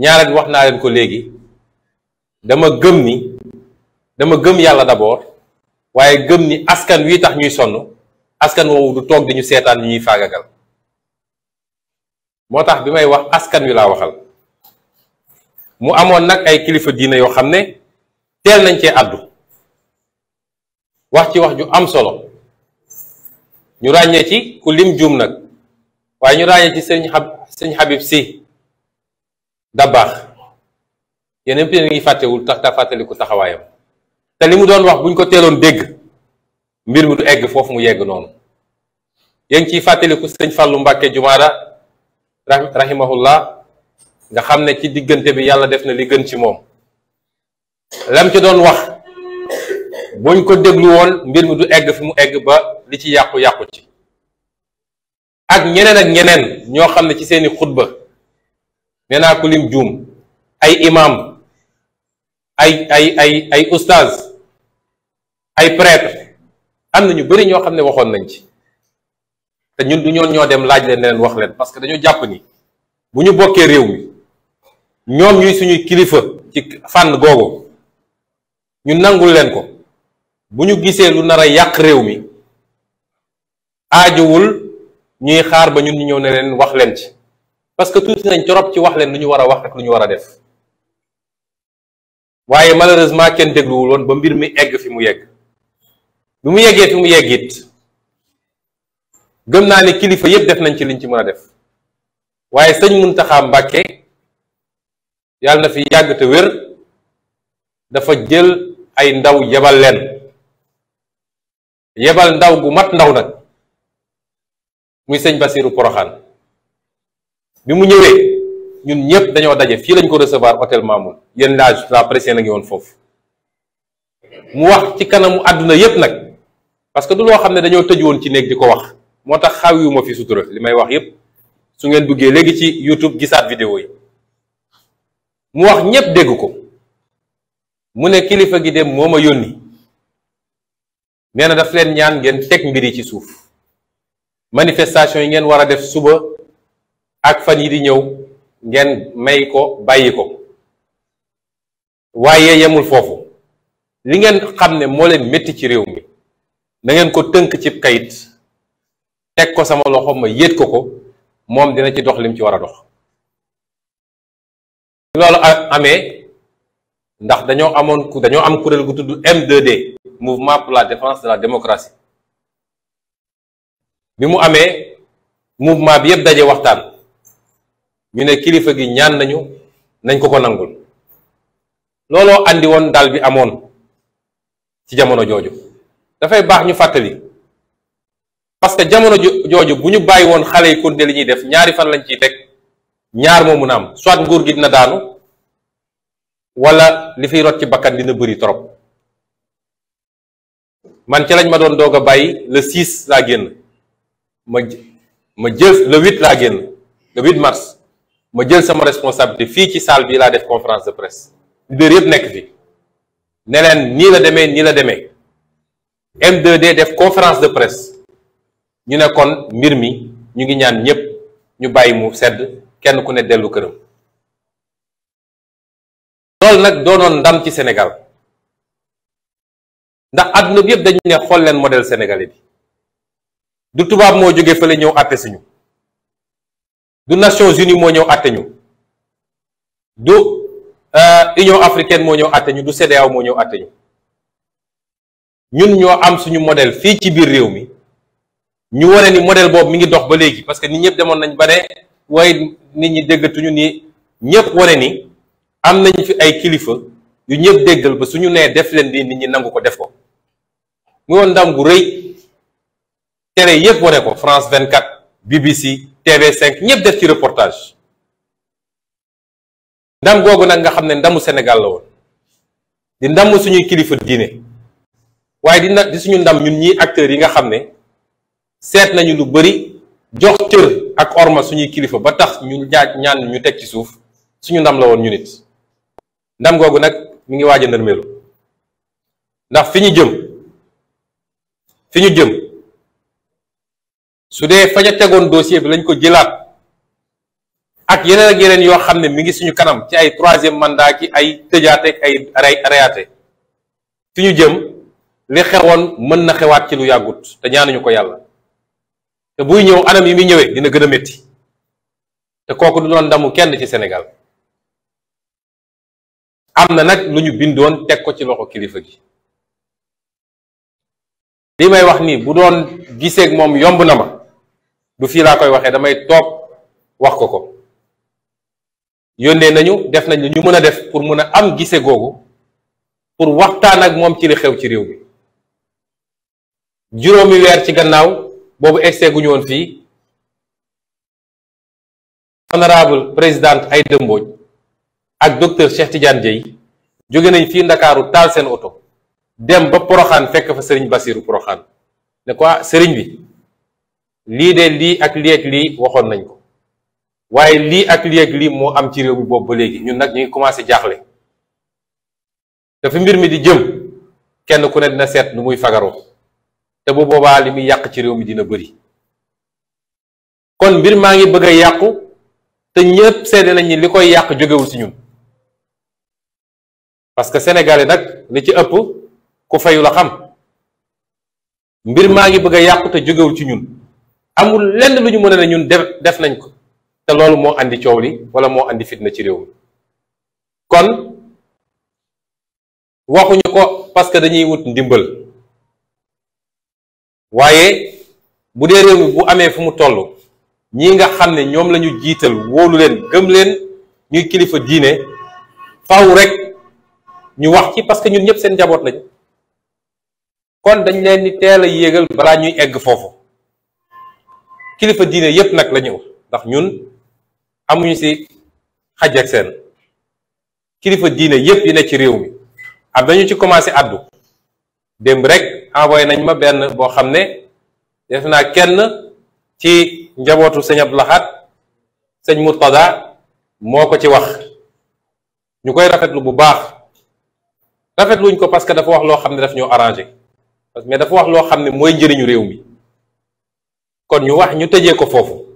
ñaareel wax naa leen ko léegi dama gëm ni dama gëm yàlla d'abord waaye gëm ni askan wi tax ñuy sonn askan woowu du toog di ñu seetaan ñuy faagagal moo tax bi may wax askan wi laa waxal mu amoon nag ay kilifa diina yoo xam ne teel nañ cee àddu wax ci wax ju am solo ñu ràññee ci ku lim juum nag waaye ñu ràññee ci sëñ xab sëñ Habib si Dabaax yeneen yéen ngi fàttewul tax daa fàttaliku taxawaayam te li mu doon wax buñ ko teeloon dégg mbir mi du egg foofu mu yegg noonu yéen ciy fàttaliku sëñ Fallou Mbacke Jumaada rahimahullah nga xam ne ci diggante bi yàlla def na li gën ci moom lam ci doon wax buñ ko dégluwoon mbir mi du egg fu mu egg ba li ci yàqu-yàqu ci ak ñeneen ak ñeneen ñoo xam ne ci seeni xutba nee naa juum ay imaam ay ay ay ay oustaz ay prêtre am na ñu bëri ñoo xam ne waxoon nañ ci te ñun du ñoon ñoo dem laaj leen leen wax leen parce que dañoo jàpp ni bu ñu bokkee réew mi ñoom ñuy suñuy kilifa ci fànn googu ñu nangul leen ko bu ñu gisee lu nar a yàq réew mi aajowul ñuy xaar ba ñun ñu ñëw ne leen wax leen ci parce que tuuti nañ trop ci wax leen lu ñu war a wax ak lu ñu war a def waaye malheureusement kenn dégluwul woon ba mbir mi egg fi mu yegg bi mu yeggee mu yegg it gëm naa ne kilifa yépp def nañ ci liñ ci mën a def waaye sëñ Muntaxa Mbàkke yàlla na fi yàgg te wér dafa jël ay ndaw yebal leen yebal ndaw gu mat ndaw nag muy sëñ Basiru Poroxaan bi mu ñëwee ñun ñëpp dañoo daje fii lañ ko recevoir hôtel Mamoun yéen la la presse na ngi woon foofu mu wax ci kanamu àdduna yépp nag parce que du loo xam ne dañoo tëj woon ci néeg di ko wax moo tax xawiwuma fi sutura li may wax yépp su ngeen duggee léegi ci YouTube gisaat vidéo yi mu wax ñépp dégg ko mu ne kilifa gi dem moo ma yónni nee daf leen ñaan ngeen teg mbir yi ci suuf manifestation yi ngeen war a def suba ak fan yi di ñëw ngeen may ko bàyyi ko waaye yemul foofu li ngeen xam ne moo leen métti ci réew mi na ko tënk cib kayit teg ko sama loxo ma yéet ko ko moom dina ci dox lim ci war a dox loolu amee ndax dañoo amoon ku dañoo am kuréel gu tudd m 2 mouvement pour la défense de la démocratie bi mu amee mouvement bi yëpp daje waxtaan ñu ne kilifa gi ñaan nañu nañ ko ko nangul looloo andi woon dal bi amoon ci jamono jooju dafay baax ñu fàttali parce que jamono jooju bu ñu bàyyi woon xale yi konte li ñuy def ñaari fan lañ ciy teg ñaar moo mun am soit nguur gi dina daanu wala li fiy rot ci bakkan dina bëri trop man ci lañ ma doon doog a bàyyi le 6 laa génn ma ma jël le 8 laa génn le 8 mars ma jël sama responsabilité fii ci salle bi laa def conférence de presse leader yëpp nekk fi ne nii la demee nii la demee m 2 def conférence de presse ñu ne kon mbir mi ñu ngi ñaan ñëpp ñu bàyyi mu sedd kenn ku ne dellu këram. loolu nag doonoon ndam ci Sénégal ndax àdduna bi yëpp dañu ne xool leen modèle sénégalais bi du tubaab moo jógee fële ñëw àtte suñu du Nations Unies moo ñëw àtte ñu du euh, Union africaine moo ñëw àtte ñu du CEDEAO moo ñëw àtte ñun ñoo am suñu modèle fii ci biir réew mi ñu wane ni modèle boobu mi ngi dox ba léegi parce que nit ñëpp demoon nañ ba ne waaye nit ñi déggatuñu nii ñëpp wane ni am nañ fi ay kilifa yu ñëpp déggal ba suñu nee def leen di nit ñi nangu ko def ko mu woon ndam gu rëy tere yëpp wane ko France 24 BBC TV5 ñëpp def ci reportage ndam googu nag nga xam ne ndamu Sénégal la woon di ndam suñuy kilifa diine waaye di di suñu ndam ñun ñi acteurs yi nga xam ne seet nañu lu bari jox cër ak orma suñuy kilifa ba tax ñu ñaaj ñaan ñu teg ci suuf suñu ndam la woon ñu nit ndam googu nag mu ngi waaj a nërmeelu ndax fi ñu jëm fi ñu jëm su dee fa tegoon dossier bi lañ ko jëlaat ak yeneen ak yeneen yoo xam ne mi ngi suñu kanam ci ay troisième mandat ki ay tëjaate ak ay reyaate fi ñu jëm li xewoon mën na xewaat ci lu yàggut te ñaanuñu ko yàlla te buy ñëw anam yi mu ñëwee dina gën a métti te kooku du doon ndamu kenn ci senegal am na nag lu bindoon teg ko ci loxo kilifa gi li may wax nii bu doon giseek moom yomb na ma du fii laa koy waxee damay toog wax ko ko yónnee nañu def nañ ñu mën a def pour mën a am gise googu pour waxtaan ak moom ci li xew ci réew bi juróomi weer ci gannaaw boobu egsee gu ñu woon fii honorable présidente ay Mbodj ak docteur Cheikh Tidiane Dieye jóge nañ fii Ndakaaru taal seen oto dem ba Poroxaan fekk fa sëriñ Basiru Poroxaan ne ko ah, sëriñ bi lii de lii ak lii ak lii waxoon nañ ko waaye lii ak lii ak lii moo am ci réew mi boobu ba léegi ñun nag ñu ngi commencé jaaxle dafa mbir mi di jëm kenn ku ne dina seet nu muy fagaroo te bu boobaa li muy yàq ci réew mi dina bari kon mbir maa ngi bëgg a yàqu te ñëpp sedd nañ li koy yàq jógewul ci ñun parce que sénégalais nag li ci ëpp ku fayu la xam mbir maa ngi bëgg a yàqu te jógewul ci ñun amul lenn lu ñu mën a ñun def def nañ ko te loolu moo indi coow li wala moo andi fitna ci réew kon waxuñu ko parce que dañuy wut ndimbal waaye bu dee réew bu amee fu mu toll ñi nga xam ne ñoom la jiital wóolu leen gëm leen ñuy kilifa diine faw rek ñu wax ci parce que ñun ñëpp seen njaboot lañ kon dañ leen di teel a yéegal balaa ñuy egg foofu kilifa diine yépp nag la ñëw ndax ñun amuñu si xaj ak seen kilifa diine yépp yi ne ci réew mi am dañu ci commencé addu démb rek envoyé nañ ma benn boo xam ne def naa kenn ci njabootu sëñ Abdou Lahad sëñ Murtada moo ko ci wax ñu koy rafetlu bu baax rafetluñ ko parce que dafa wax loo xam ne daf ñoo arrangé mais dafa wax loo xam ne mooy njëriñu réew mi kon ñu wax ñu tëjee ko foofu